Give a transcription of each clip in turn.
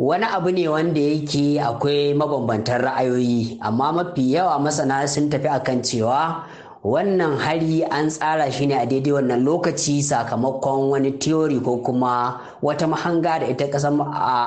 wani abu ne wanda yake akwai mabambantan ra'ayoyi amma mafi yawa masana sun tafi akan cewa wannan hari an tsara shi ne a daidai wannan lokaci sakamakon wani teori ko kuma wata mahanga da ita kasar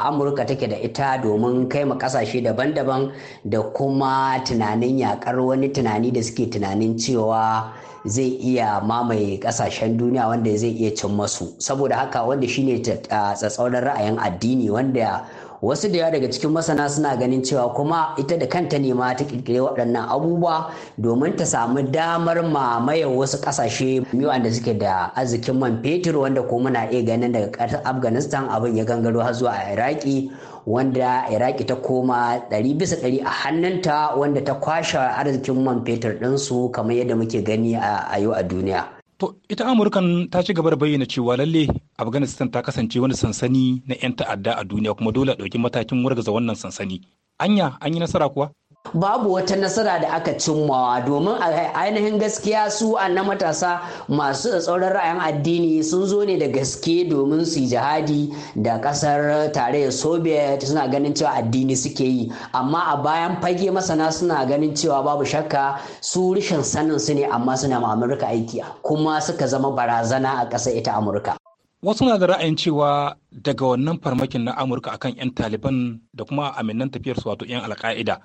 amurka take da ita domin kai ma kasashe daban-daban da kuma tunanin yakar wani tunani da suke tunanin cewa zai iya mamaye kasashen duniya wanda zai iya cin masu saboda haka wanda shine tsatsauran ra'ayin addini wanda wasu da yawa daga cikin masana suna ganin cewa kuma ita da kanta ne ma ta kirkire waɗannan abubuwa domin ta samu damar mamaye wasu ƙasashe wanda suke da arzikin man fetur wanda ko muna iya ganin daga ƙasar afghanistan abin ya gangaro har zuwa iraki wanda iraki ta koma ɗari bisa ɗari a hannunta wanda ta kwashe arzikin man fetur ɗinsu kamar yadda muke gani a yau a duniya To ita Amurkan ta ci gaba da bayyana cewa lalle Afghanistan ta kasance wani sansani na 'yan ta'adda a duniya kuma dole a ɗauki matakin wargaza wannan sansani. Anya an yi nasara kuwa? babu wata nasara da aka cimmawa domin a ainihin gaskiya su na matasa masu tsauran ra'ayin addini sun zo ne da gaske domin su yi jihadi da kasar tarayyar soviet suna ganin cewa addini suke yi amma a bayan fage masana suna ganin cewa babu shakka su rishin sanin su ne amma suna ma amurka aiki kuma suka zama barazana a ƙasar ita amurka wasu na da ra'ayin cewa daga wannan farmakin na amurka akan 'yan taliban da kuma aminan tafiyar su wato 'yan alka'ida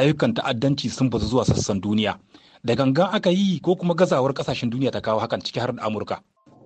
ayyukan ta'addanci sun bazu zuwa sassan duniya da gangan aka yi ko kuma gazawar kasashen duniya ta kawo hakan ciki har da amurka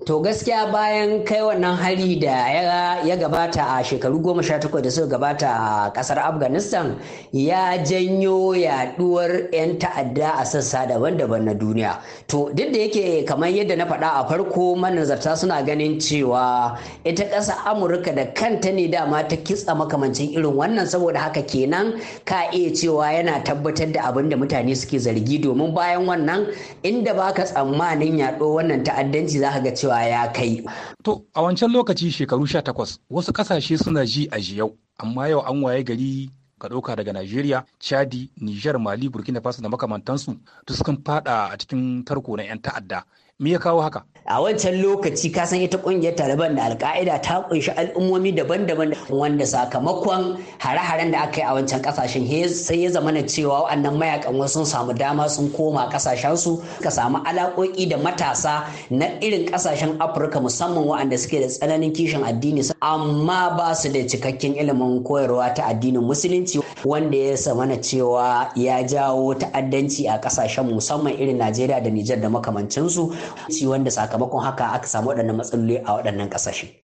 To gaskiya bayan kai wannan hari da ya gabata a shekaru goma sha takwas da suka gabata a kasar Afghanistan ya janyo yaduwar 'yan ta'adda a sassa daban-daban na duniya. To duk da yake kamar yadda na faɗa a farko manazarta suna ganin cewa ita ƙasa Amurka da kanta ne dama ta kitsa makamancin irin wannan saboda haka kenan ka iya cewa yana tabbatar da abin da mutane suke zargi domin bayan wannan inda baka tsammanin yaɗo wannan ta'addanci za ka ga cewa cewa ya kai. To a wancan lokaci shekaru sha takwas wasu ƙasashe suna ji a yau amma yau an waye gari ka ɗauka daga Najeriya, Chadi, Nijar, Mali, Burkina Faso da makamantansu duk sukan fada a cikin tarko na 'yan ta'adda me ya kawo haka a wancan lokaci ka san ita kungiyar taliban da alka'ida ta kunshi al'ummomi daban-daban wanda sakamakon hare-haren da aka yi a wancan kasashen sai ya zama cewa wa'annan mayakan wasu sun samu dama sun koma kasashensu ka samu alaƙoƙi da matasa na irin kasashen afirka musamman wa'anda suke da tsananin kishin addini amma ba su da cikakken ilimin koyarwa ta addinin musulunci wanda ya zamana cewa ya jawo ta'addanci a kasashen musamman irin najeriya da nijar da makamancinsu ci wanda sakamakon haka aka samu waɗannan matsaloli a waɗannan ƙasashe